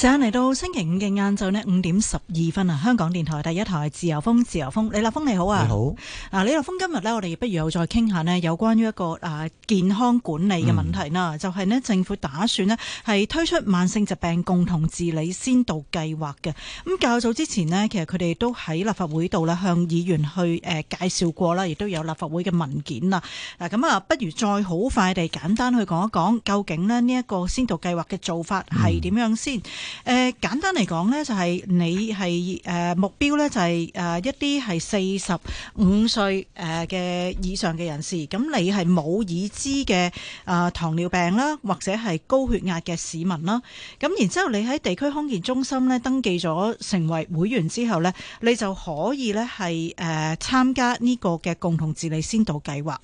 時間嚟到星期五嘅晏晝呢，五點十二分啊！香港電台第一台自由風，自由風，李立峰你好啊！好啊，李立峰，啊、好李立峰今日呢，我哋不如又再傾下呢，有關於一個誒健康管理嘅問題啦。嗯、就係呢，政府打算呢，係推出慢性疾病共同治理先導計劃嘅。咁較早之前呢，其實佢哋都喺立法會度呢，向議員去誒介紹過啦，亦都有立法會嘅文件啦。嗱，咁啊，不如再好快地簡單去講一講，究竟咧呢一個先導計劃嘅做法係點樣先？嗯誒簡單嚟講咧，就係你係誒目標咧，就係誒一啲係四十五歲誒嘅以上嘅人士。咁你係冇已知嘅誒糖尿病啦，或者係高血壓嘅市民啦。咁然之後，你喺地區康健中心咧登記咗成為會員之後咧，你就可以咧係誒參加呢個嘅共同治理先導計劃。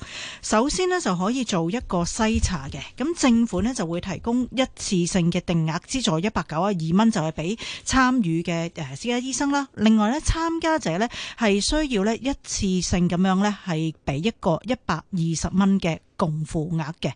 首先咧就可以做一個篩查嘅。咁政府咧就會提供一次性嘅定額資助一百九啊，二蚊就係俾參與嘅誒私家醫生啦，另外咧參加者咧係需要咧一次性咁樣咧係俾一個一百二十蚊嘅。共付額嘅，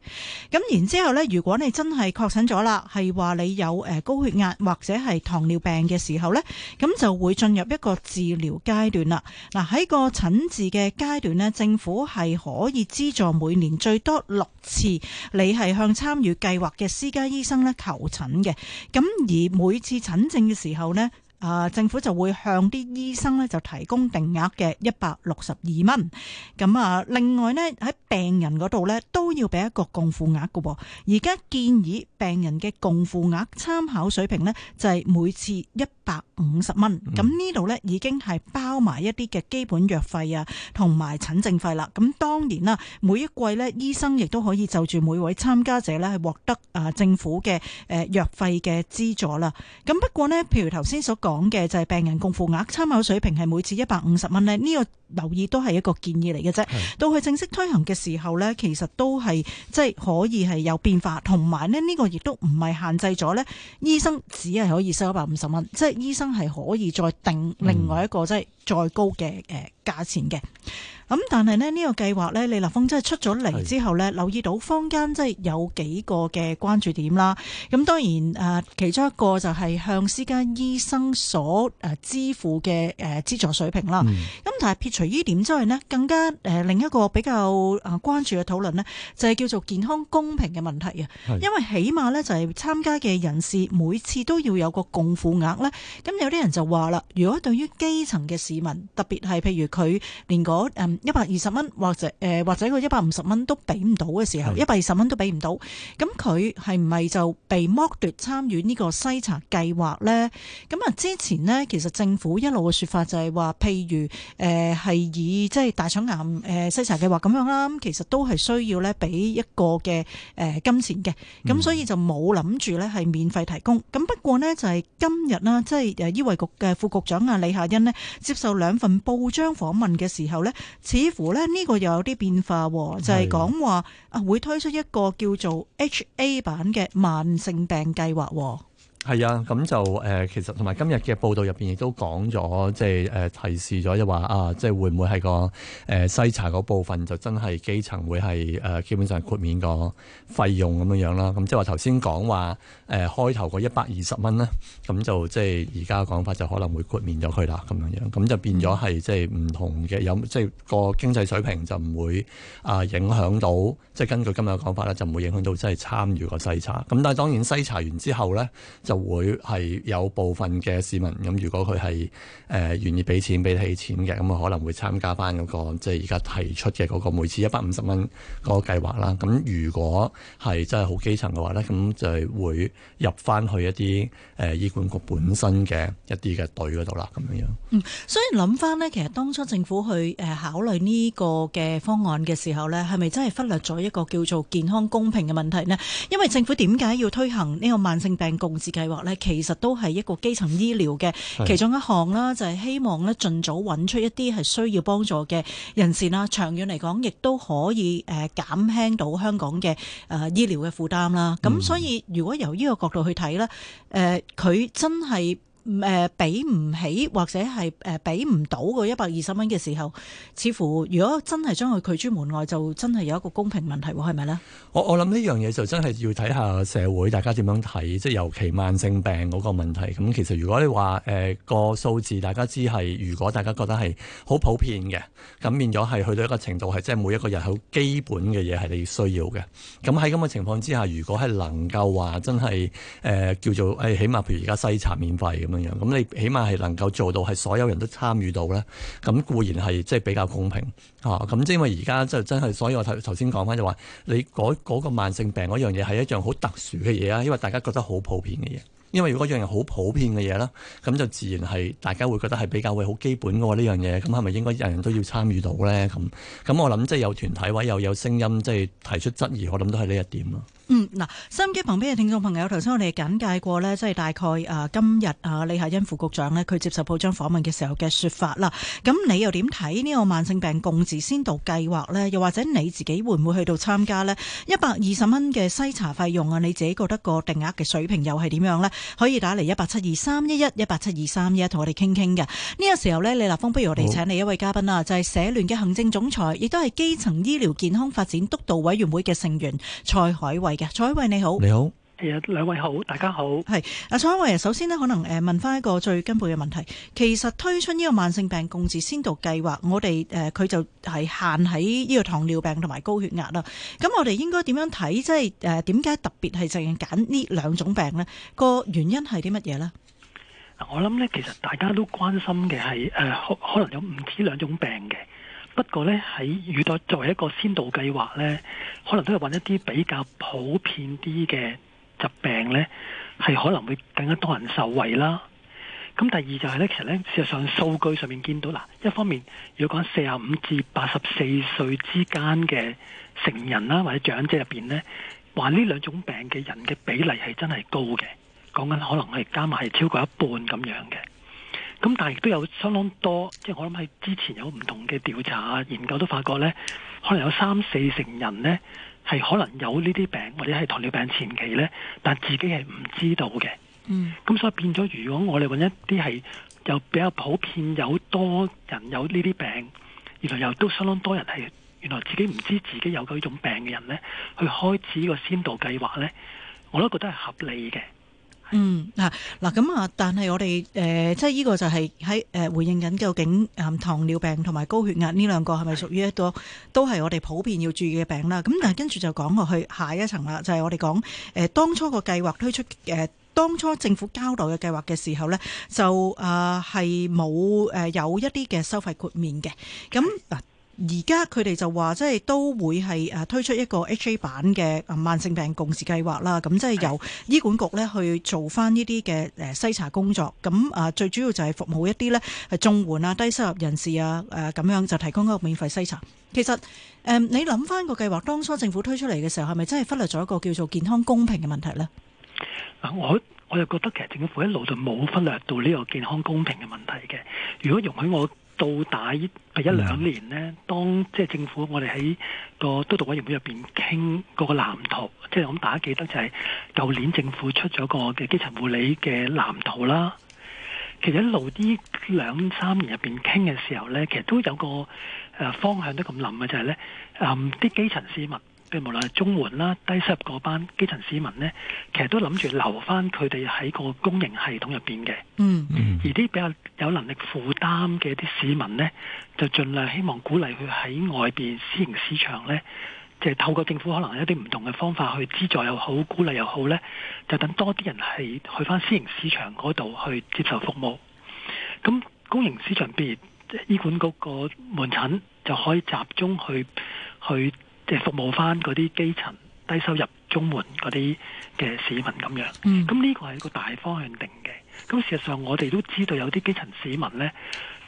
咁然之後咧，如果你真係確診咗啦，係話你有誒高血壓或者係糖尿病嘅時候呢，咁就會進入一個治療階段啦。嗱，喺個診治嘅階段呢，政府係可以資助每年最多六次，你係向參與計劃嘅私家醫生咧求診嘅。咁而每次診症嘅時候呢。啊，政府就會向啲醫生呢就提供定額嘅一百六十二蚊。咁啊，另外呢，喺病人嗰度呢都要俾一個共付額㗎噃。而家建議病人嘅共付額參考水平呢，就係、是、每次一百五十蚊。咁、嗯啊、呢度呢已經係包埋一啲嘅基本藥費啊，同埋診症費啦。咁、啊、當然啦、啊，每一季呢醫生亦都可以就住每位參加者呢係獲得啊政府嘅誒、啊、藥費嘅資助啦。咁、啊、不過呢，譬如頭先所講。講嘅就係病人共付額參考水平係每次一百五十蚊咧，呢個留意都係一個建議嚟嘅啫。的到佢正式推行嘅時候呢，其實都係即係可以係有變化，同埋咧呢個亦都唔係限制咗呢，醫生只係可以收一百五十蚊，即係醫生係可以再定另外一個即係。嗯再高嘅誒價錢嘅，咁、呃、但係咧呢、這個計劃咧，李立峰真係出咗嚟之後咧，是的 留意到坊間即係有幾個嘅關注點啦。咁當然誒、呃、其中一個就係向私家醫生所誒、呃、支付嘅誒、呃、資助水平啦。咁、嗯、但係撇除依點之外咧，更加誒、呃、另一個比較誒關注嘅討論咧，就係、是、叫做健康公平嘅問題啊。是的 因為起碼咧就係、是、參加嘅人士每次都要有個共付額咧，咁有啲人就話啦，如果對於基層嘅事，特別係譬如佢連嗰一百二十蚊或者誒、呃、或者個一百五十蚊都俾唔到嘅時候，一百二十蚊都俾唔到，咁佢係唔係就被剝奪參與呢個篩查計劃咧？咁啊之前咧，其實政府一路嘅說法就係話譬如誒係、呃、以即係大腸癌誒篩查計劃咁樣啦，咁其實都係需要咧俾一個嘅誒金錢嘅，咁所以就冇諗住咧係免費提供。咁、嗯、不過咧就係、是、今日啦，即係誒醫衛局嘅副局長啊李夏茵咧接。受兩份報章訪問嘅時候呢，似乎咧，呢個又有啲變化，就係講話啊會推出一個叫做 HA 版嘅慢性病計劃。係 啊，咁就誒，其實同埋今日嘅報道入邊亦都講咗，即係誒、呃、提示咗，就係話啊，即係會唔會係、那個誒、呃、篩查嗰部分就真係基層會係誒、呃、基本上豁免個費用咁樣樣啦。咁即係話頭先講話誒開頭個一百二十蚊咧，咁就即係而家嘅講法就可能會豁免咗佢啦咁樣樣，咁就變咗係即係唔同嘅有，即、就、係、是、個經濟水平就唔會啊影響到，即、就、係、是、根據今日嘅講法咧，就唔會影響到即係參與個篩查。咁但係當然篩查完之後咧，就會係有部分嘅市民咁，如果佢係誒願意俾錢俾起錢嘅，咁啊可能會參加翻、那、嗰個即係而家提出嘅嗰個每次一百五十蚊嗰個計劃啦。咁如果係真係好基層嘅話咧，咁就係會入翻去一啲誒、呃、醫管局本身嘅一啲嘅隊嗰度啦，咁樣樣嗯，所以諗翻咧，其實當初政府去誒考慮呢個嘅方案嘅時候咧，係咪真係忽略咗一個叫做健康公平嘅問題咧？因為政府點解要推行呢個慢性病共治計劃咧，其實都係一個基層醫療嘅其中一項啦，就係希望咧盡早揾出一啲係需要幫助嘅人士啦。長遠嚟講，亦都可以誒減輕到香港嘅誒醫療嘅負擔啦。咁所以，如果由呢個角度去睇咧，誒、呃、佢真係。誒俾唔起或者係誒俾唔到個一百二十蚊嘅時候，似乎如果真係將佢拒諸門外，就真係有一個公平問題喎，係咪呢？我我諗呢樣嘢就真係要睇下社會大家點樣睇，即係尤其慢性病嗰個問題。咁其實如果你話誒個數字，大家知係如果大家覺得係好普遍嘅，咁變咗係去到一個程度係即係每一個人好基本嘅嘢係你需要嘅。咁喺咁嘅情況之下，如果係能夠話真係誒、呃、叫做誒，起碼譬如而家洗牙免費。咁樣，咁你起碼係能夠做到係所有人都參與到咧，咁固然係即係比較公平嚇。咁即係因為而家即係真係，所以我頭頭先講翻就話，你嗰個慢性病嗰樣嘢係一樣好特殊嘅嘢啊，因為大家覺得好普遍嘅嘢。因為如果一樣好普遍嘅嘢啦，咁就自然係大家會覺得係比較會好基本嘅喎呢樣嘢。咁係咪應該人人都要參與到咧？咁咁我諗即係有團體位又有聲音即係提出質疑，我諗都係呢一點咯。嗯，嗱、啊，收音機旁邊嘅聽眾朋友，頭先我哋係簡介過呢，即係大概啊、呃，今日啊，李夏茵副局長咧，佢接受報章訪問嘅時候嘅説法啦。咁、啊、你又點睇呢個慢性病共治先導計劃呢？又或者你自己會唔會去到參加呢？一百二十蚊嘅篩查費用啊，你自己覺得個定額嘅水平又係點樣呢？可以打嚟一八七二三一一一八七二三一，同我哋傾傾嘅。呢個時候呢，李立峰不如我哋請你一位嘉賓啦，好就係社聯嘅行政總裁，亦都係基層醫療健康發展督導委員會嘅成員蔡海偉。蔡偉你好。你好，係兩位好，大家好。係啊，蔡偉首先咧，可能誒問翻一個最根本嘅問題。其實推出呢個慢性病共治先導計劃，我哋誒佢就係限喺呢個糖尿病同埋高血壓啦。咁我哋應該點樣睇？即係誒，點解特別係淨係揀呢兩種病呢？個原因係啲乜嘢呢？我諗呢，其實大家都關心嘅係誒，可能有唔止兩種病嘅。不過呢，喺遇到作為一個先導計劃呢，可能都係揾一啲比較普遍啲嘅疾病呢，係可能會更加多人受惠啦。咁、嗯、第二就係呢，其實呢，事實上數據上面見到，嗱，一方面如果講四十五至八十四歲之間嘅成人啦，或者長者入邊呢，話呢兩種病嘅人嘅比例係真係高嘅，講緊可能係加埋係超過一半咁樣嘅。咁但係亦都有相當多，即係我諗喺之前有唔同嘅調查研究都發覺呢，可能有三四成人呢係可能有呢啲病或者係糖尿病前期呢，但自己係唔知道嘅。嗯，咁所以變咗，如果我哋揾一啲係又比較普遍有多人有呢啲病，原來又都相當多人係原來自己唔知自己有嘅呢種病嘅人呢，去開始呢個先導計劃呢，我都覺得係合理嘅。嗯，嗱嗱咁啊，但係我哋誒、呃，即係呢個就係喺誒回應緊究竟誒糖尿病同埋高血壓呢兩個係咪屬於一個的都係我哋普遍要注意嘅病啦？咁但係跟住就講落去下一層啦，就係、是、我哋講誒當初個計劃推出誒、呃、當初政府交代嘅計劃嘅時候咧，就誒係冇誒有一啲嘅收費豁免嘅，咁、嗯。嗱。而家佢哋就話，即係都會係誒推出一個 HA 版嘅慢性病共治計劃啦。咁即係由醫管局咧去做翻呢啲嘅誒篩查工作。咁誒最主要就係服務一啲咧誒綜援啊、低收入人士啊誒咁樣就提供一個免費篩查。其實誒、嗯、你諗翻個計劃當初政府推出嚟嘅時候，係咪真係忽略咗一個叫做健康公平嘅問題呢？嗱，我我又覺得其實政府一路就冇忽略到呢個健康公平嘅問題嘅。如果容許我。到打第一兩年呢， 當即係、就是、政府我哋喺個督導委員會入邊傾嗰個藍圖，即係我哋大家記得就係舊年政府出咗個嘅基層護理嘅藍圖啦。其實一路啲兩三年入邊傾嘅時候呢，其實都有個誒、呃、方向都咁諗嘅，就係、是、咧，啲、呃、基層市民。即係無論係中援啦、低收入嗰班基層市民呢，其實都諗住留翻佢哋喺個公營系統入邊嘅。嗯，而啲比較有能力負擔嘅啲市民呢，就盡量希望鼓勵佢喺外邊私營市場呢，即係透過政府可能有啲唔同嘅方法去資助又好、鼓勵又好呢，就等多啲人係去翻私營市場嗰度去接受服務。咁公營市場譬如醫管局個門診就可以集中去去。即係服務翻嗰啲基層低收入中門嗰啲嘅市民咁樣，咁呢、嗯、個係一個大方向定嘅。咁事實上我哋都知道有啲基層市民呢，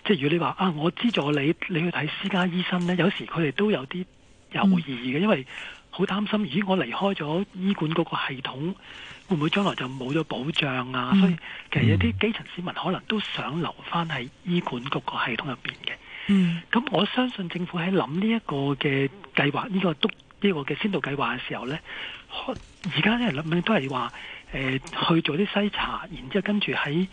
即係如果你話啊，我資助你，你去睇私家醫生呢，有時佢哋都有啲猶豫嘅，因為好擔心，咦，我離開咗醫管局嗰個系統，會唔會將來就冇咗保障啊？嗯、所以其實有啲基層市民可能都想留翻喺醫管局嗰個系統入邊嘅。嗯，咁我相信政府喺諗呢一個嘅計劃，呢、呢個督呢、呢個嘅先導計劃嘅時候咧，而家咧諗都係話，誒、呃、去做啲篩查，然之後跟住喺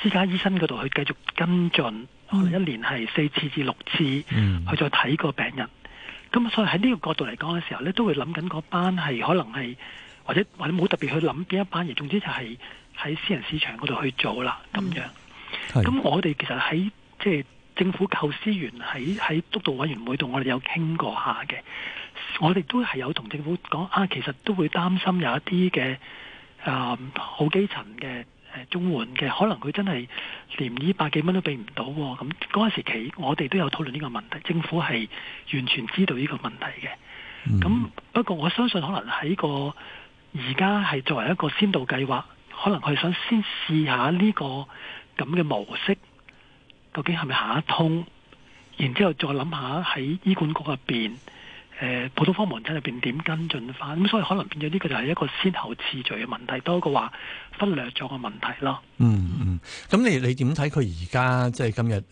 私家醫生嗰度去繼續跟進，可能一年係四次至六次，嗯、去再睇個病人。咁所以喺呢個角度嚟講嘅時候咧，都會諗緊嗰班係可能係或者或者冇特別去諗邊一班，而總之就係喺私人市場嗰度去做啦，咁、嗯、樣。咁是我哋其實喺即係。政府構思員喺喺督導委員會度，我哋有傾過下嘅。我哋都係有同政府講啊，其實都會擔心有一啲嘅啊，好基層嘅誒綜援嘅，可能佢真係連呢百幾蚊都俾唔到。咁嗰陣時期，我哋都有討論呢個問題。政府係完全知道呢個問題嘅。咁、嗯、不過我相信，可能喺、呢個而家係作為一個先導計劃，可能佢想先試下呢、呢個咁嘅模式。究竟係咪行得通？然之後再諗下喺醫管局入邊、呃，普通科門診入邊點跟進翻？咁、嗯、所以可能變咗呢個就係一個先後次序嘅問題。多嘅話。忽略咗個問題咯。嗯嗯，咁你你點睇佢而家即係今日誒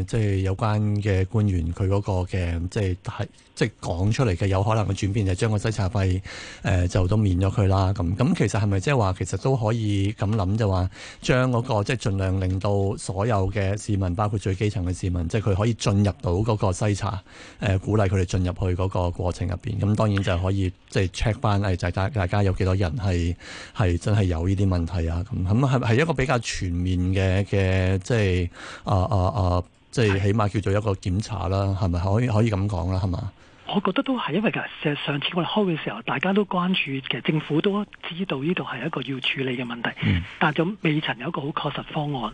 誒即係有關嘅官員佢嗰個嘅即係係即係講出嚟嘅有可能嘅轉變就係、是、將個篩查費誒、呃、就都免咗佢啦。咁咁其實係咪即係話其實都可以咁諗就話將嗰個即係盡量令到所有嘅市民，包括最基層嘅市民，即係佢可以進入到嗰個篩查誒、呃，鼓勵佢哋進入去嗰個過程入邊，咁當然就可以即係 check 翻誒大家大家有幾多人係係真係有呢啲問題？係啊，咁咁係咪係一個比較全面嘅嘅即係啊啊啊即係起碼叫做一個檢查啦係咪可以可以咁講啦係嘛？是是我覺得都係因為噶，其實上次我哋開嘅時候，大家都關注嘅，其實政府都知道呢度係一個要處理嘅問題，嗯、但係咁未曾有一個好確實方案。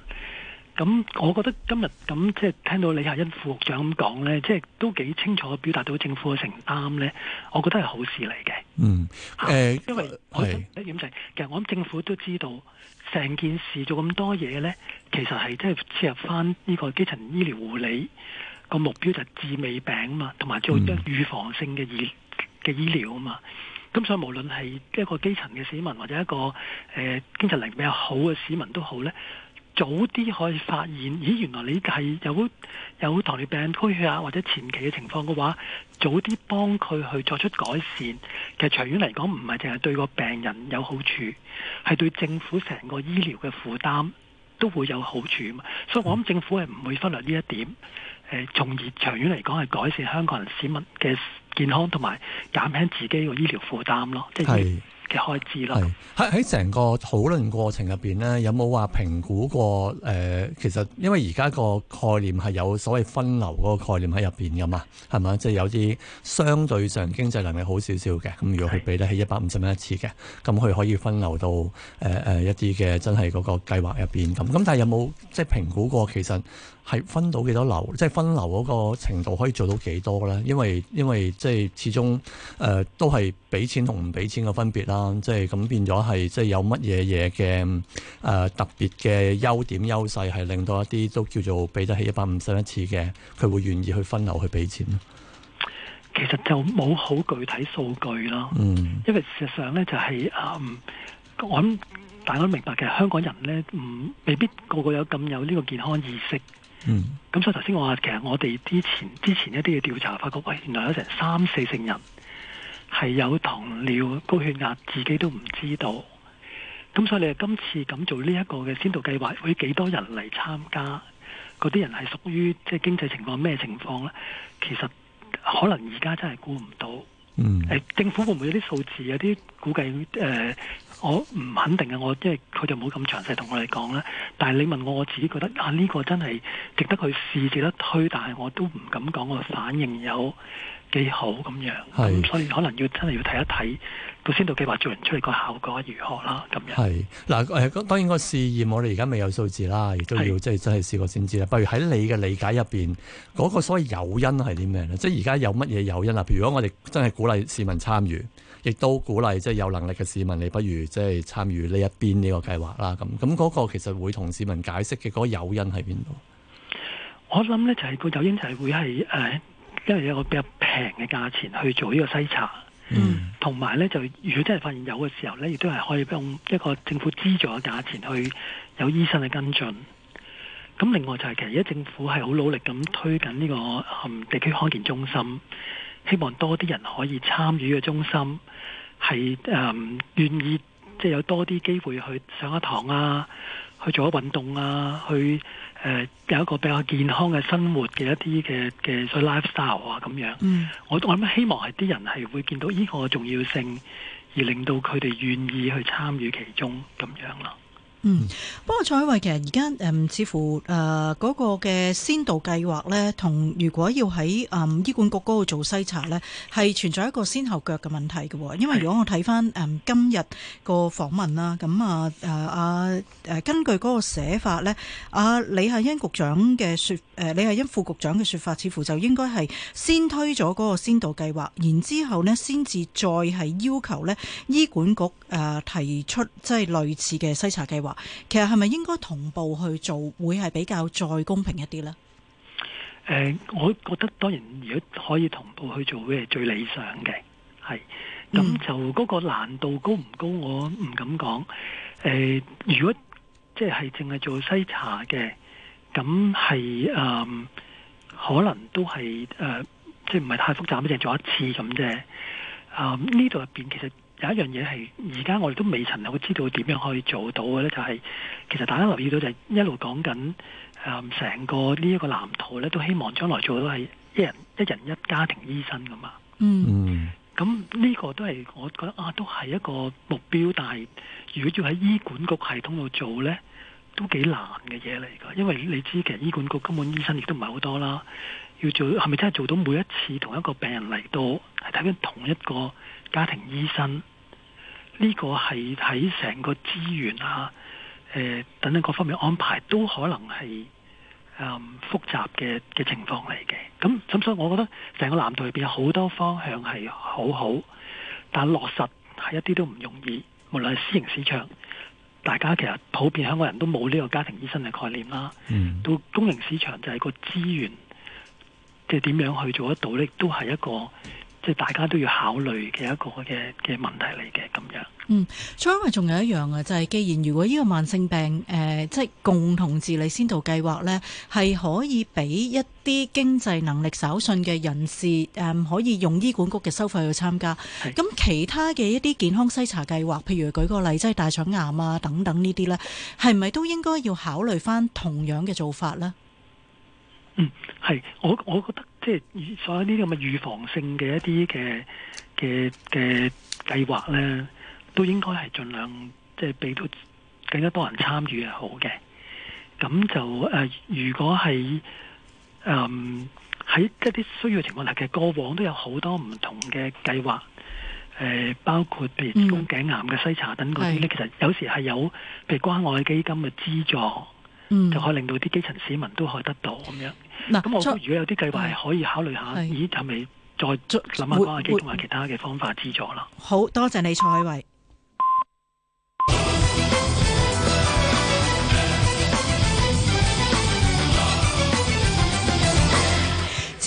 咁，我覺得今日咁即係聽到李夏茵副局長咁講呢，即係都幾清楚表達到政府嘅承擔呢。我覺得係好事嚟嘅。嗯，誒、欸，因為係點就係其實我諗政府都知道成件事做咁多嘢呢，其實係即係切入翻呢個基層醫療護理個目標就係治未病嘛，同埋做一預防性嘅醫嘅醫療啊嘛。咁所以無論係一個基層嘅市民或者一個誒經濟能力比較好嘅市民都好呢。早啲可以發現，咦，原來你係有有糖尿病、推血啊，或者前期嘅情況嘅話，早啲幫佢去作出改善。其實長遠嚟講，唔係淨係對個病人有好處，係對政府成個醫療嘅負擔都會有好處嘛。嗯、所以我諗政府係唔會忽略呢一點。誒、呃，從而長遠嚟講，係改善香港人市民嘅健康同埋減輕自己個醫療負擔咯。即係。嘅開支啦，係喺喺成個討論過程入邊咧，有冇話評估過？誒，其實因為而家個概念係有所謂分流嗰個概念喺入邊嘅嘛，係咪？即係有啲相對上經濟能力好少少嘅，咁如果佢俾得起一百五十蚊一次嘅，咁佢是可以分流到誒誒一啲嘅真係嗰個計劃入邊咁。咁但係有冇即係評估過其實係分到幾多流？即係分流嗰個程度可以做到幾多咧？因為因為即係始終誒都係俾錢同唔俾錢嘅分別啦。即係咁變咗係，即係有乜嘢嘢嘅誒，特別嘅優點優勢，係令到一啲都叫做俾得起一百五十一次嘅，佢會願意去分流去俾錢。其實就冇好具體數據咯，嗯，因爲事實上咧就係、是，嗯，我諗大家都明白嘅，香港人咧唔未必個個有咁有呢個健康意識，嗯，咁所以頭先我話，其實我哋之前之前一啲嘅調查發覺，喂，原來有成三四成人。係有糖尿、高血壓，自己都唔知道。咁所以你今次咁做呢一個嘅先導計劃，會幾多人嚟參加？嗰啲人係屬於即係經濟情況咩情況呢？其實可能而家真係估唔到。嗯。欸，政府會唔會有啲數字、有啲估計？呃、我唔肯定啊。我即係佢就冇咁詳細同我哋講啦。但係你問我，我自己覺得啊，呢個真係值得去試、值得推，但係我都唔敢講我反應有幾好咁樣，咁是所以可能要真係要睇一睇個先導計劃做完出嚟個效果如何啦，咁樣。係嗱，誒，當然個試驗我哋而家未有數字啦，亦都要即係真係試過先知啦。不是如喺你嘅理解入邊，嗰個所謂誘因係啲咩咧？即係而家有乜嘢誘因啊？譬如如果我哋真係鼓勵市民參與，亦都鼓勵即係有能力嘅市民，你不如即係參與呢一邊呢個計劃啦。咁咁嗰個其實會同市民解釋嘅嗰誘因喺邊度？我諗咧就係個誘因就係會係誒。呃因為有一個比較平嘅價錢去做呢個篩查，嗯，同埋呢，就如果真係發現有嘅時候呢，亦都係可以用一個政府資助嘅價錢去有醫生嘅跟進。咁另外就係、是、其實而家政府係好努力咁推緊呢、這個地區康健中心，希望多啲人可以參與嘅中心係誒願意即係、就是、有多啲機會去上一堂啊。去做運動啊，去誒、呃、有一個比較健康嘅生活嘅一啲嘅嘅所謂 lifestyle 啊，咁樣，mm。我我諗希望係啲人係會見到呢個重要性，而令到佢哋願意去參與其中咁樣咯、啊。嗯，不過蔡海偉其實而家誒似乎誒、呃那個嘅先導計劃咧，同如果要喺誒、嗯、醫管局度做篩查咧，係存在一個先後腳嘅問題嘅、哦。因為如果我睇翻誒今日個訪問啦，咁、嗯、啊誒啊誒、啊、根據個寫法咧，啊李夏茵局長嘅說誒、啊、李夏茵副局長嘅說法，似乎就應該係先推咗個先導計劃，然之後咧先至再係要求咧醫管局誒、呃、提出即係類似嘅篩查計劃。其實係咪應該同步去做，會係比較再公平一啲呢？誒、呃，我覺得當然，如果可以同步去做，會係最理想嘅。係咁就嗰個難度高唔高，我唔敢講。誒、呃，如果即係淨係做篩查嘅，咁係誒，可能都係誒，即係唔係太複雜，淨係做一次咁啫。啊、呃，呢度入邊其實。有一樣嘢係而家我哋都未曾好知道點樣可以做到嘅呢就係、是、其實大家留意到就係一路講緊誒成個呢一個藍圖呢都希望將來做到係一人一人一家庭醫生咁嘛。嗯，咁呢、這個都係我覺得啊，都係一個目標，但係如果要喺醫管局系統度做呢，都幾難嘅嘢嚟㗎。因為你知其實醫管局根本醫生亦都唔係好多啦，要做係咪真係做到每一次同一個病人嚟到係睇緊同一個？家庭醫生呢、這個係喺成個資源啊、呃、等等各方面安排都可能係誒、嗯、複雜嘅嘅情況嚟嘅。咁咁所以，我覺得成個藍圖入邊有好多方向係好好，但落實係一啲都唔容易。無論係私營市場，大家其實普遍香港人都冇呢個家庭醫生嘅概念啦。到公營市場就係個資源即係點樣去做得到呢，都係一個。即係大家都要考慮嘅一個嘅嘅問題嚟嘅。咁樣嗯，因為仲有一樣啊，就係、是、既然如果呢個慢性病誒即係共同治理先導計劃咧，係可以俾一啲經濟能力稍遜嘅人士誒、嗯、可以用醫管局嘅收費去參加。咁是其他嘅一啲健康篩查計劃譬如舉個例，即、就、係、是、大腸癌啊等等呢啲咧，係咪都應該要考慮翻同樣嘅做法咧？嗯，係我我覺得。即係所有呢啲咁嘅預防性嘅一啲嘅嘅嘅計劃咧，都應該係盡量即係俾到更加多人參與係好嘅。咁就誒、呃，如果係誒喺一啲需要嘅情況下嘅過往都有好多唔同嘅計劃，誒、呃、包括譬如宮頸癌嘅篩查等嗰啲咧，mm hmm. 其實有時係有譬如關愛基金嘅資助。嗯，就可以令到啲基層市民都可以得到咁樣。嗱、啊，咁我如果有啲計劃係可以考慮下，是咦，係咪再諗下講下基層或者其他嘅方法資助啦？好多謝你，蔡偉。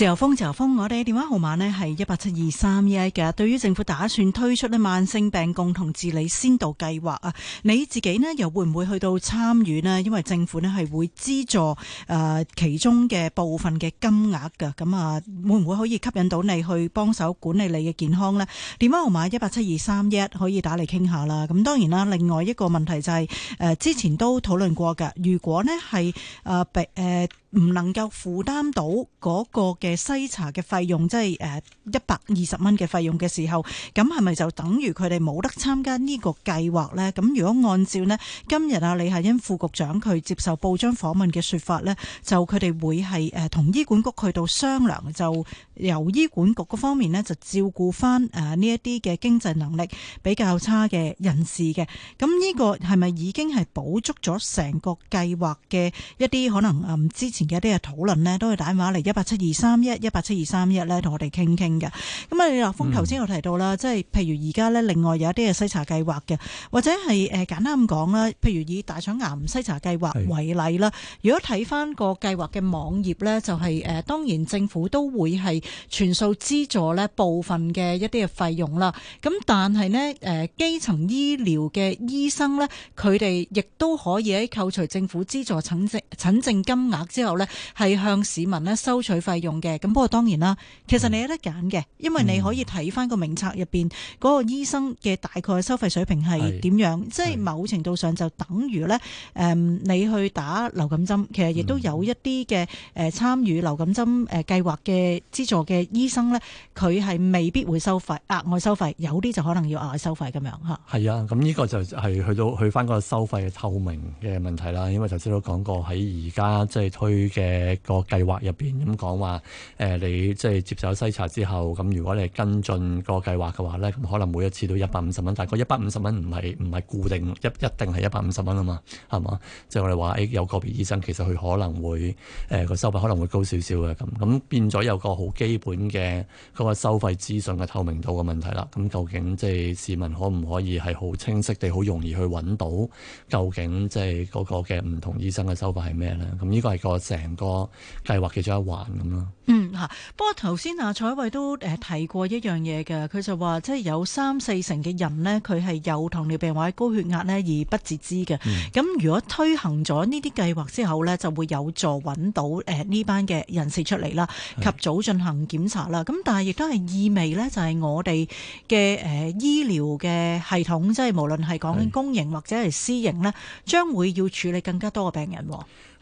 自由風，自由風，我哋嘅電話號碼呢係一八七二三一嘅。對於政府打算推出呢慢性病共同治理先導計劃啊，你自己呢又會唔會去到參與呢？因為政府呢係會資助誒、呃、其中嘅部分嘅金額噶。咁啊，會唔會可以吸引到你去幫手管理你嘅健康呢？電話號碼一八七二三一可以打嚟傾下啦。咁當然啦，另外一個問題就係、是、誒、呃、之前都討論過嘅，如果呢係誒誒。呃呃唔能夠負擔到嗰個嘅篩查嘅費用，即係誒一百二十蚊嘅費用嘅時候，咁係咪就等於佢哋冇得參加個呢個計劃咧？咁如果按照咧今日啊李夏茵副，副局長佢接受報章訪問嘅說法咧，就佢哋會係誒同醫管局去到商量，就由醫管局方面咧就照顧翻誒呢一啲嘅經濟能力比較差嘅人士嘅。咁呢個係咪已經係補足咗成個計劃嘅一啲可能誒唔支而家啲嘅討論呢，都係打電話嚟一八七二三一一八七二三一咧，同我哋傾傾嘅。咁啊，你樂豐頭先有提到啦，即係、嗯、譬如而家咧，另外有一啲嘅篩查計劃嘅，或者係誒簡單咁講啦，譬如以大腸癌篩查計劃為例啦。是如果睇翻個計劃嘅網頁咧，就係、是、誒當然政府都會係全數資助呢部分嘅一啲嘅費用啦。咁但係呢，誒，基層醫療嘅醫生咧，佢哋亦都可以喺扣除政府資助診證診證金額之後，咧係向市民咧收取費用嘅，咁不過當然啦，其實你有得揀嘅，因為你可以睇翻個名冊入邊嗰個醫生嘅大概嘅收費水平係點樣，是即係某程度上就等於咧誒你去打流感針，其實亦都有一啲嘅誒參與流感針誒計劃嘅資助嘅醫生咧，佢係、嗯、未必會收費，額外收費，有啲就可能要額外收費咁樣吓，係啊，咁呢個就係、是、去到去翻嗰個收費嘅透明嘅問題啦，因為頭先都講過，喺而家即係推。嘅個計劃入邊，咁講話誒，你即係接受咗篩查之後，咁、嗯、如果你係跟進個計劃嘅話咧，咁、嗯、可能每一次都一百五十蚊，但係一百五十蚊唔係唔係固定一一定係一百五十蚊啊嘛，係嘛？即係我哋話誒有個別醫生其實佢可能會誒個、呃、收費可能會高少少嘅咁，咁、嗯、變咗有個好基本嘅嗰個收費資訊嘅透明度嘅問題啦。咁、嗯、究竟即係市民可唔可以係好清晰地、好容易去揾到究竟即係嗰個嘅唔同醫生嘅收費係咩咧？咁、嗯、呢個係個。成個計劃其中一環咁咯。嗯吓，不過頭先阿蔡偉都誒提過一樣嘢嘅，佢就話，即係有三四成嘅人呢，佢係有糖尿病或者高血壓呢而不自知嘅。咁、嗯、如果推行咗呢啲計劃之後呢，就會有助揾到誒呢班嘅人士出嚟啦，及早進行檢查啦。咁是但係亦都係意味呢，就係我哋嘅誒醫療嘅系統，即係無論係講公營或者係私營呢，是將會要處理更加多嘅病人。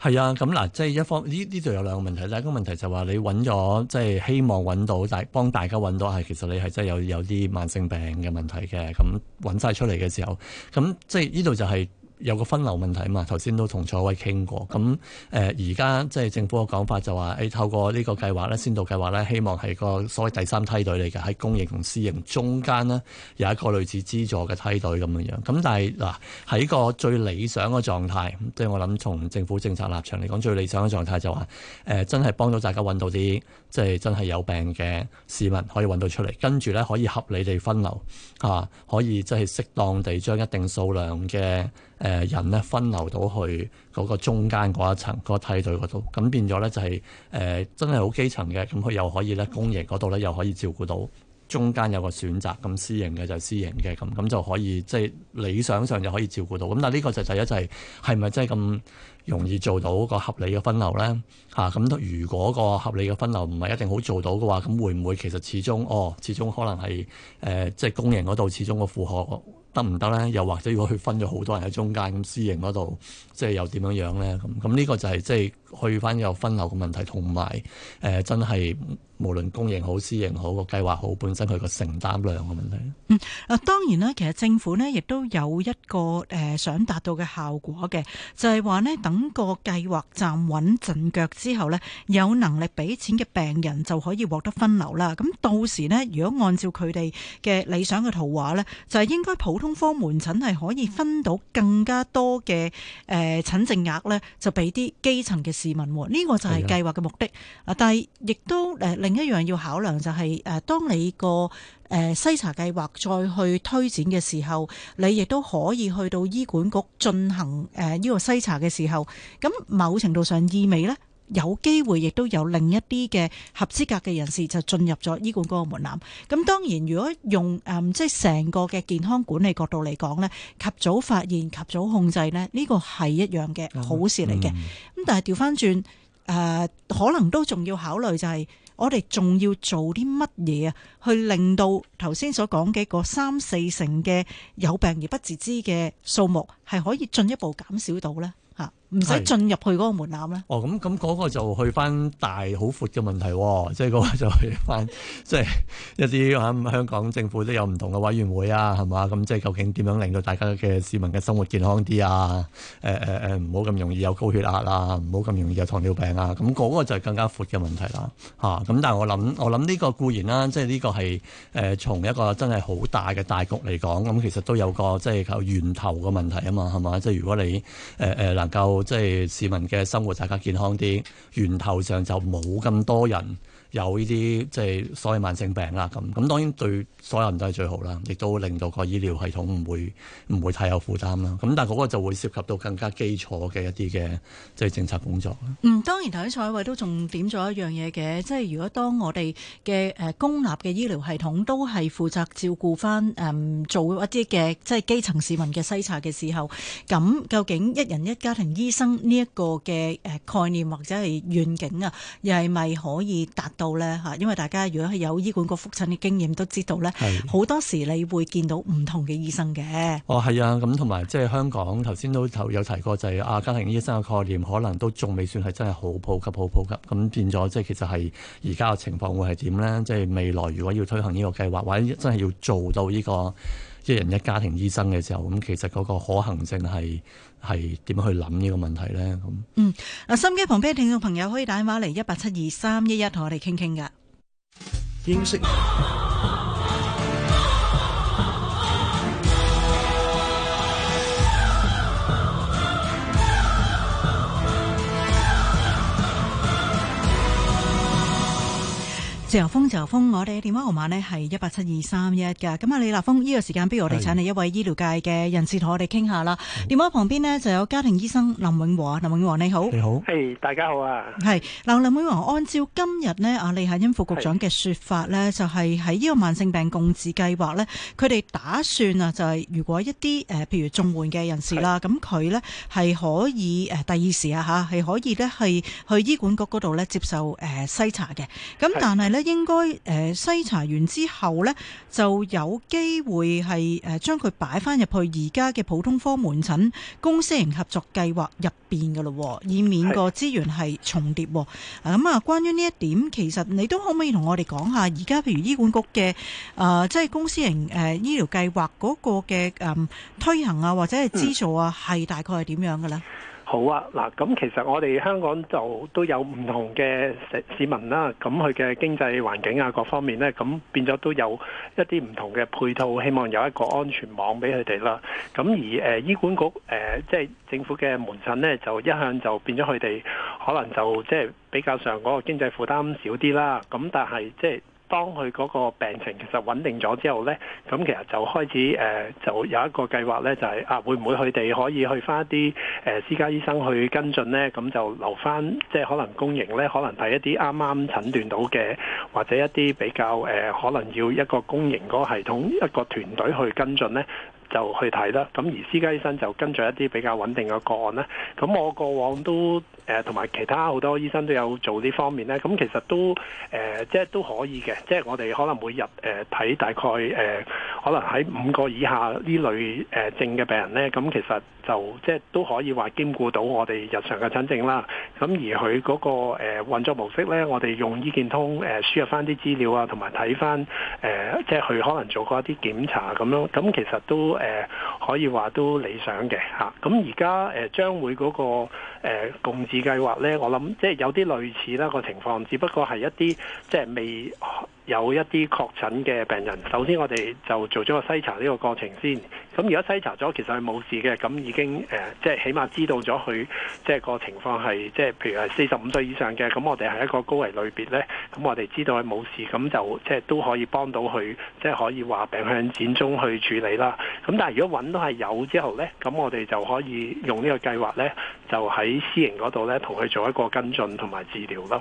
係啊，咁嗱，即係一方呢呢度有兩個問題，第一個問題就話你揾咗，即係希望揾到大幫大家揾到，係其實你係真係有有啲慢性病嘅問題嘅，咁揾晒出嚟嘅時候，咁即係呢度就係、是。有個分流問題嘛？頭先都同蔡海偉傾過咁，誒。而家即係政府嘅講法就話、是、誒、哎，透過呢個計劃咧，先導計劃咧，希望係個所謂第三梯隊嚟嘅，喺公營同私營中間咧有一個類似資助嘅梯隊咁樣樣咁、嗯。但係嗱喺個最理想嘅狀態，即、就、係、是、我諗從政府政策立場嚟講，最理想嘅狀態就話、是、誒、呃，真係幫到大家揾到啲即係真係有病嘅市民可以揾到出嚟，跟住咧可以合理地分流嚇、啊，可以即係適當地將一定數量嘅。誒人咧分流到去嗰個中間嗰一層、嗰、那個梯隊嗰度，咁變咗咧就係、是、誒、呃、真係好基層嘅，咁佢又可以咧公營嗰度咧又可以照顧到中間有個選擇，咁私營嘅就係私營嘅，咁咁就可以即係理想上就可以照顧到。咁但係呢個就第、是、一就係係咪真係咁容易做到個合理嘅分流咧？嚇、啊、咁如果個合理嘅分流唔係一定好做到嘅話，咁會唔會其實始終哦，始終可能係誒、呃、即係公營嗰度始終個負荷？得唔得咧？又或者如果佢分咗好多人喺中間，咁，私營嗰度。即係又點樣樣咧？咁咁呢個就係即係去翻有分流嘅問題，同埋誒真係無論公營好、私營好個計劃好，本身佢個承擔量嘅問題。嗯，嗱、啊，當然啦，其實政府咧亦都有一個誒、呃、想達到嘅效果嘅，就係話咧等個計劃站穩陣腳之後咧，有能力俾錢嘅病人就可以獲得分流啦。咁到時咧，如果按照佢哋嘅理想嘅圖畫咧，就係、是、應該普通科門診係可以分到更加多嘅誒。呃誒，診症額咧就俾啲基層嘅市民，呢、這個就係計劃嘅目的啊！的但係亦都誒、呃，另一樣要考量就係、是、誒、呃，當你個誒篩查計劃再去推展嘅時候，你亦都可以去到醫管局進行誒呢、呃這個篩查嘅時候，咁某程度上意味咧？有機會，亦都有另一啲嘅合資格嘅人士就進入咗醫管局嘅門檻。咁當然，如果用誒即係成個嘅健康管理角度嚟講呢，及早發現、及早控制呢呢個係一樣嘅好事嚟嘅。咁、嗯嗯、但係調翻轉誒，可能都仲要考慮就係我哋仲要做啲乜嘢啊，去令到頭先所講嘅個三四成嘅有病而不自知嘅數目係可以進一步減少到呢吓。唔使進入去嗰個門檻咧？哦，咁咁嗰個就去翻大好闊嘅問題，哦，即係嗰個就去翻，即係 一啲、嗯、香港政府都有唔同嘅委員會啊，係嘛？咁即係究竟點樣令到大家嘅市民嘅生活健康啲啊？誒誒誒，唔好咁容易有高血壓啊，唔好咁容易有糖尿病啊？咁、那、嗰個就更加闊嘅問題啦，嚇、啊！咁但係我諗，我諗呢個固然啦，即係呢個係誒、呃、從一個真係好大嘅大局嚟講，咁其實都有個即係、就是、靠源頭嘅問題啊嘛，係嘛？即、就、係、是、如果你誒誒、呃、能夠即係市民嘅生活更加健康啲，源頭上就冇咁多人。有呢啲即係所謂慢性病啦，咁咁當然對所有人都係最好啦，亦都令到個醫療系統唔會唔會太有負擔啦。咁但係嗰個就會涉及到更加基礎嘅一啲嘅即係政策工作啦。嗯，當然頭先蔡海偉都重點咗一樣嘢嘅，即係如果當我哋嘅誒公立嘅醫療系統都係負責照顧翻誒做一啲嘅即係基層市民嘅篩查嘅時候，咁究竟一人一家庭醫生呢一個嘅誒概念或者係願景啊，又係咪可以達。到咧嚇，因為大家如果係有醫管局覆診嘅經驗，都知道咧，好多時你會見到唔同嘅醫生嘅。哦，係啊，咁同埋即係香港頭先都頭有提過，就係啊家庭醫生嘅概念可能都仲未算係真係好普及，好普及。咁變咗，即係其實係而家嘅情況會係點咧？即係未來如果要推行呢個計劃，或者真係要做到呢個？一人一家庭醫生嘅時候，咁其實嗰個可行性係係點樣去諗呢個問題咧？咁嗯，嗱，心機旁邊嘅聽眾朋友可以打電話嚟一八七二三一一同我哋傾傾㗎。自由風，自由風，我哋嘅電話號碼呢係一八七二三一噶。咁啊，李立峯，呢、這個時間不如我哋請嚟一位醫療界嘅人士同我哋傾下啦。好電話旁邊呢就有家庭醫生林永和，林永和你好。你好，你好 hey, 大家好啊。係嗱，林永和按照今日呢，啊李夏茵副局長嘅説法呢，是就係喺呢個慢性病共治計劃呢，佢哋打算啊就係、是、如果一啲誒、呃、譬如綜援嘅人士啦，咁佢是呢係可以誒、呃、第二時啊嚇係可以呢係去，去醫管局嗰度呢接受誒篩、呃、查嘅。咁但係呢。應該誒，篩、呃、查完之後呢，就有機會係誒，將佢擺翻入去而家嘅普通科門診公私營合作計劃入邊噶咯，以免個資源係重疊。咁啊，關於呢一點，其實你都可唔可以同我哋講下，而家譬如醫管局嘅誒、呃，即係公私營誒醫療計劃嗰個嘅誒、嗯、推行啊，或者係資助啊，係、嗯、大概係點樣噶咧？好啊，嗱，咁其實我哋香港就都有唔同嘅市民啦，咁佢嘅經濟環境啊，各方面呢，咁變咗都有一啲唔同嘅配套，希望有一個安全網俾佢哋啦。咁而誒、呃、醫管局誒，即、呃、係、就是、政府嘅門診呢，就一向就變咗佢哋可能就即係比較上嗰個經濟負擔少啲啦。咁但係即係。就是當佢嗰個病情其實穩定咗之後呢，咁其實就開始誒、呃，就有一個計劃呢，就係、是、啊，會唔會佢哋可以去返一啲誒、呃、私家醫生去跟進呢？咁就留返即係可能公營呢，可能係一啲啱啱診斷到嘅，或者一啲比較誒、呃，可能要一個公營個系統一個團隊去跟進呢。就去睇啦，咁而私家醫生就跟住一啲比較穩定嘅個案呢，咁我過往都誒同埋其他好多醫生都有做呢方面呢。咁其實都誒、呃、即係都可以嘅，即係我哋可能每日誒睇、呃、大概誒、呃、可能喺五個以下呢類誒、呃、症嘅病人呢。咁其實。就即係都可以話兼顧到我哋日常嘅診症啦。咁而佢嗰、那個誒、呃、運作模式咧，我哋用醫健通誒輸、呃、入翻啲資料啊，同埋睇翻誒即係佢可能做過一啲檢查咁樣。咁其實都誒、呃、可以話都理想嘅吓。咁而家誒將會嗰、那個誒、呃、共治計劃咧，我諗即係有啲類似啦個情況，只不過係一啲即係未。有一啲確診嘅病人，首先我哋就做咗個篩查呢個過程先。咁如果篩查咗，其實係冇事嘅，咁已經誒，即係起碼知道咗佢，即係個情況係，即係譬如係四十五歲以上嘅，咁我哋係一個高危類別咧，咁我哋知道係冇事，咁就即係都可以幫到佢，即係可以話病向淺中去處理啦。咁但係如果揾到係有之後咧，咁我哋就可以用呢個計劃咧，就喺私營嗰度咧，同佢做一個跟進同埋治療咯。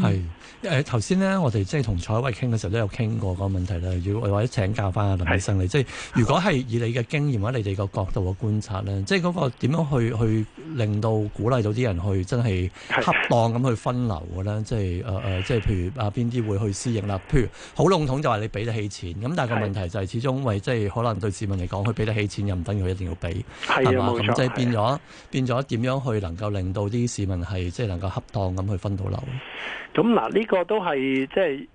係誒頭先咧，我哋即係同海偉傾嘅時候都有傾過個問題，如果或者請教翻阿林醫生你的即係如果係以你嘅經驗或者你哋個角度嘅觀察咧，即係嗰個點樣去去令到鼓勵到啲人去真係恰當咁去分流嘅咧？即係誒誒，即係譬如啊，邊啲會去私營啦？譬如好籠統就話你俾得起錢，咁但係個問題就係始終為，因為即係可能對市民嚟講，佢俾得起錢又唔等於佢一定要俾，係啊冇錯。咁即係變咗的變咗點樣去能夠令到啲市民係即係能夠恰當咁去分到流，流？咁嗱，呢個都係即係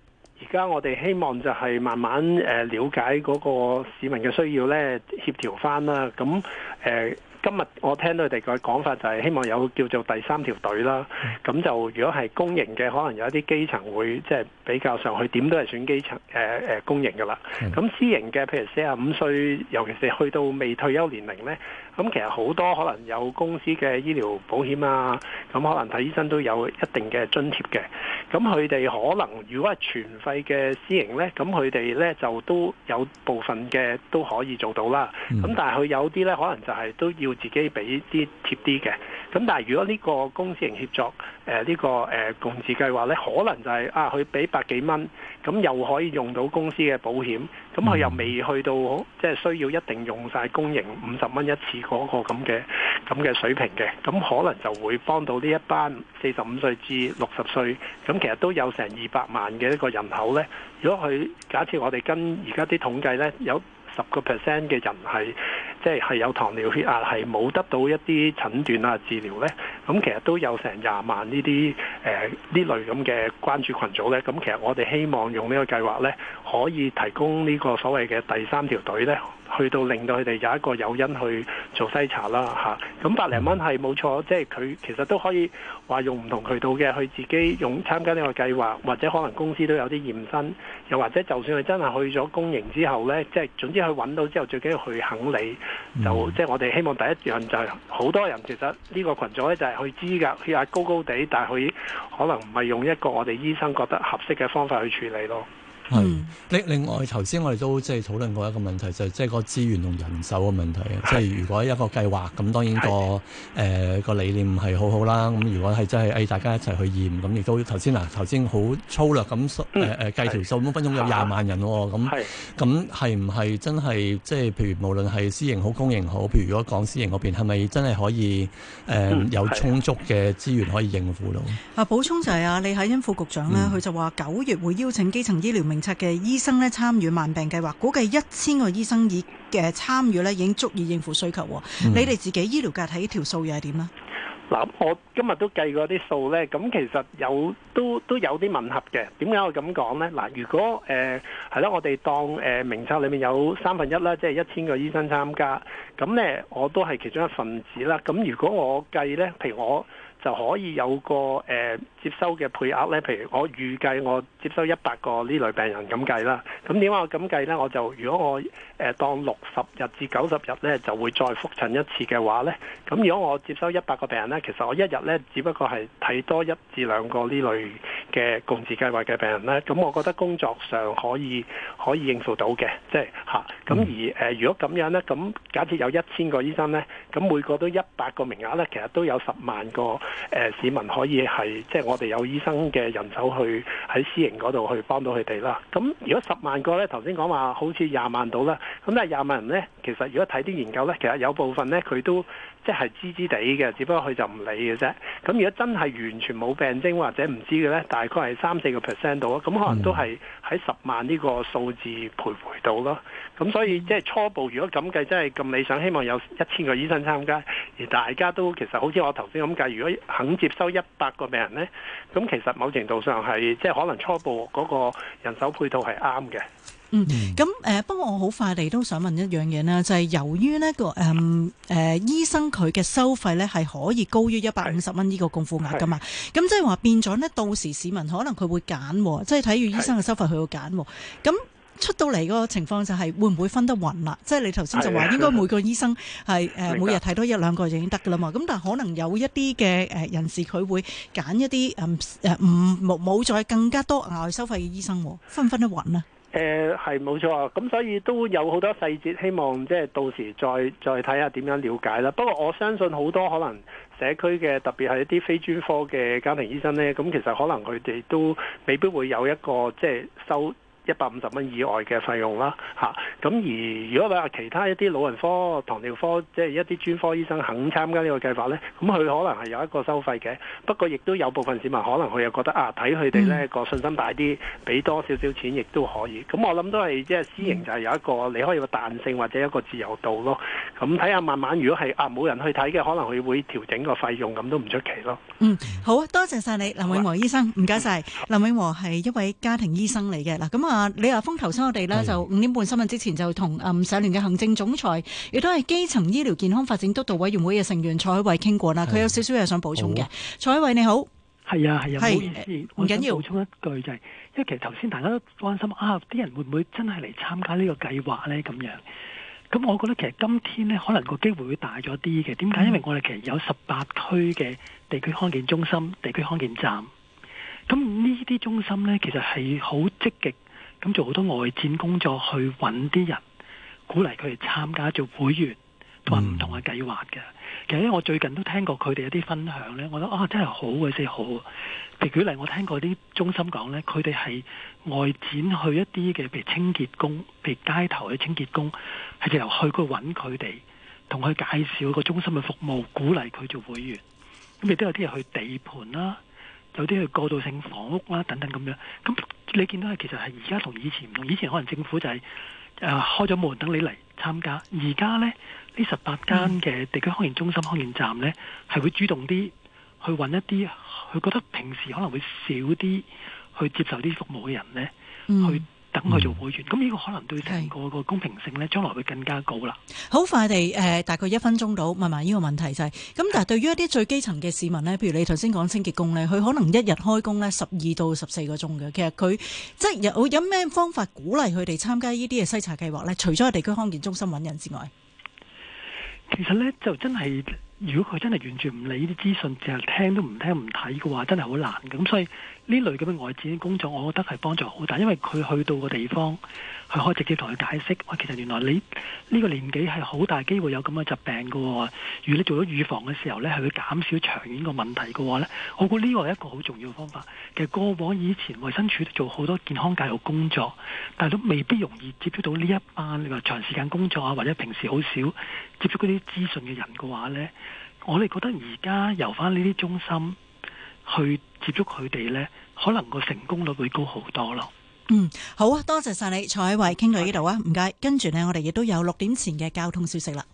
而家我哋希望就係慢慢誒了解嗰個市民嘅需要咧，協調返啦。咁誒。呃今日我聽到佢哋個講法就係希望有叫做第三條隊啦，咁就如果係公營嘅，可能有一啲基層會即係、就是、比較上去，點都係選基層誒誒公營㗎啦。咁私營嘅譬如四十五歲，尤其是去到未退休年齡呢，咁其實好多可能有公司嘅醫療保險啊，咁可能睇醫生都有一定嘅津貼嘅。咁佢哋可能如果係全費嘅私營呢，咁佢哋呢就都有部分嘅都可以做到啦。咁但係佢有啲呢，可能就係都要。自己俾啲貼啲嘅，咁但係如果呢個公私營協作，誒、呃這個呃、呢個誒共治計劃呢可能就係、是、啊，佢俾百幾蚊，咁又可以用到公司嘅保險，咁佢又未去到即係、就是、需要一定用晒公營五十蚊一次嗰個咁嘅咁嘅水平嘅，咁可能就會幫到呢一班四十五歲至六十歲，咁其實都有成二百萬嘅一個人口呢。如果佢假設我哋跟而家啲統計呢，有十個 percent 嘅人係。即係有糖尿病、血壓係冇得到一啲診斷啊、治療呢，咁其實都有成廿萬呢啲誒呢類咁嘅關注群組呢。咁其實我哋希望用呢個計劃呢，可以提供呢個所謂嘅第三條隊呢。去到令到佢哋有一個誘因去做篩查啦吓，咁、啊、百零蚊係冇錯，即係佢其實都可以話用唔同渠道嘅，去自己用參加呢個計劃，或者可能公司都有啲驗身，又或者就算佢真係去咗公營之後咧，即係總之佢揾到之後最緊要去肯理，就、嗯、即係我哋希望第一樣就係、是、好多人其實呢個群組咧就係去知噶，血壓高高地，但係佢可能唔係用一個我哋醫生覺得合適嘅方法去處理咯。係，另另外頭先我哋都即係討論過一個問題，就係即係個資源同人手嘅問題的即係如果一個計劃咁，當然、那個誒個的、呃、理念係好好啦。咁如果係真係誒大家一齊去驗，咁亦都頭先嗱，頭先好粗略咁誒誒計條數，五分鐘有廿萬人喎，咁咁係唔係真係即係譬如無論係私營好公營好，譬如如果講私營嗰邊，係咪真係可以誒、呃、的有充足嘅資源可以應付到？啊，補充就係、是、啊，李夏茵副局長咧，佢、嗯、就話九月會邀請基層醫療名。嘅醫生咧，參與慢病計劃，估計一千個醫生以嘅參與咧已經足以應付需求。嗯、你哋自己醫療界睇條數又係點咧？嗱、嗯，我今日都計過啲數咧，咁其實有都都有啲吻合嘅。點解我咁講咧？嗱，如果誒係啦，我哋當誒名冊裏面有三分一啦，即係一千個醫生參加，咁咧我都係其中一份子啦。咁如果我計咧，譬如我。就可以有個誒、呃、接收嘅配額呢，譬如我預計我接收一百個呢類病人咁計啦。咁點解我咁計呢？我就如果我誒、呃、當六十日至九十日呢，就會再覆診一次嘅話呢。咁如果我接收一百個病人呢，其實我一日呢，只不過係睇多一至兩個呢類，嘅共治計劃嘅病人呢，咁我覺得工作上可以可以應付到嘅，即係嚇。咁而誒、呃，如果咁樣呢，咁假設有一千個醫生呢，咁每個都一百個名額呢，其實都有十萬個誒、呃，市民可以係即係我哋有醫生嘅人手去喺私營嗰度去幫到佢哋啦。咁如果十萬個呢，頭先講話好似廿萬到啦，咁但係廿萬人呢，其實如果睇啲研究呢，其實有部分呢，佢都。即係知知地嘅，只不過佢就唔理嘅啫。咁如果真係完全冇病徵或者唔知嘅呢，大概係三四個 percent 度啊。咁可能都係喺十萬呢個數字徘徊到咯。咁所以即係初步，如果咁計，真係咁理想，希望有一千個醫生參加，而大家都其實好似我頭先咁計，如果肯接收一百個病人呢，咁其實某程度上係即係可能初步嗰個人手配套係啱嘅。嗯，咁誒、嗯，不過、呃、我好快地都想問一樣嘢咧，就係、是、由於呢個誒誒醫生佢嘅收費咧，係可以高於一百五十蚊呢個共付額噶嘛，咁、嗯、即係話變咗呢，到時市民可能佢會揀，即係睇住醫生嘅收費佢會揀，咁是、嗯、出到嚟個情況就係會唔會分得混啊？即係你頭先就話應該每個醫生係誒、呃、每日睇多一兩個就已經得噶啦嘛，咁但係可能有一啲嘅誒人士佢會揀一啲誒唔冇冇再更加多額外收費嘅醫生，分唔分得勻啊？誒係冇錯，咁所以都有好多細節，希望即係到時再再睇下點樣了解啦。不過我相信好多可能社區嘅，特別係一啲非專科嘅家庭醫生呢，咁其實可能佢哋都未必會有一個即係收一百五十蚊以外嘅費用啦，嚇、啊、咁而如果話其他一啲老人科、糖尿科，即、就、係、是、一啲專科醫生肯參加呢個計劃呢，咁佢可能係有一個收費嘅。不過亦都有部分市民可能佢又覺得啊，睇佢哋呢個信心大啲，俾、嗯、多少少錢亦都可以。咁我諗都係即係私營就係、是、有一個你可以個彈性或者一個自由度咯。咁睇下慢慢，如果係啊冇人去睇嘅，可能佢會調整個費用，咁都唔出奇咯。嗯，好多謝晒你林永和醫生，唔該晒，林永和係一位家庭醫生嚟嘅嗱，咁啊。李亞峰頭先，我哋咧就五點半新聞之前就同社聯嘅行政總裁，亦都係基層醫療健康發展督導委員會嘅成員蔡海偉傾過啦。佢有少少嘢想補充嘅，蔡海偉你好，係啊係啊，唔好意思，唔緊要。補充一句就係，因為其實頭先大家都關心啊，啲人會唔會真係嚟參加呢個計劃咧？咁樣，咁我覺得其實今天咧，可能個機會會大咗啲嘅。點解？因為我哋其實有十八區嘅地區康健中心、地區康健站，咁呢啲中心咧，其實係好積極。咁做好多外展工作去揾啲人，鼓勵佢哋參加做會員同埋唔同嘅計劃嘅。其實因為我最近都聽過佢哋一啲分享咧，我覺得啊、哦，真係好鬼死係好。譬如舉例我聽過啲中心講咧，佢哋係外展去一啲嘅，譬如清潔工，譬如街頭嘅清潔工，係由佢去揾佢哋，同佢介紹個中心嘅服務，鼓勵佢做會員，咁亦都有啲人去地盤啦。有啲係過渡性房屋啦，等等咁樣。咁你見到係其實係而家同以前唔同，以前可能政府就係、是、誒、呃、開咗門等你嚟參加，而家呢呢十八間嘅地區康健中心、嗯、康健站呢係會主動啲去揾一啲，佢覺得平時可能會少啲去接受啲服務嘅人呢、嗯、去。咁去做會員，咁呢個可能對整個個公平性咧，將來會更加高啦。好快地，誒，大概一分鐘到問埋呢個問題就係，咁但係對於一啲最基層嘅市民咧，譬如你頭先講清潔工咧，佢可能一日開工咧十二到十四個鐘嘅，其實佢即係有有咩方法鼓勵佢哋參加呢啲嘅篩查計劃咧？除咗地區康健中心揾人之外，其實咧就真係，如果佢真係完全唔理呢啲資訊，淨係聽都唔聽唔睇嘅話，真係好難嘅。咁所以。呢類咁嘅外展工作，我覺得係幫助好大，因為佢去到個地方，佢可以直接同佢解釋：「喂，其實原來你呢個年紀係好大機會有咁嘅疾病嘅。如果你做咗預防嘅時候呢，係會減少長遠個問題嘅話呢。」我估呢個係一個好重要嘅方法。其實過往以前衞生署都做好多健康教育工作，但係都未必容易接觸到呢一班你話長時間工作啊，或者平時好少接觸嗰啲資訊嘅人嘅話呢，我哋覺得而家由翻呢啲中心。去接觸佢哋呢，可能個成功率會高好多咯。嗯，好啊，多謝晒你，蔡海偉傾到呢度啊，唔該是。跟住呢，我哋亦都有六點前嘅交通消息啦。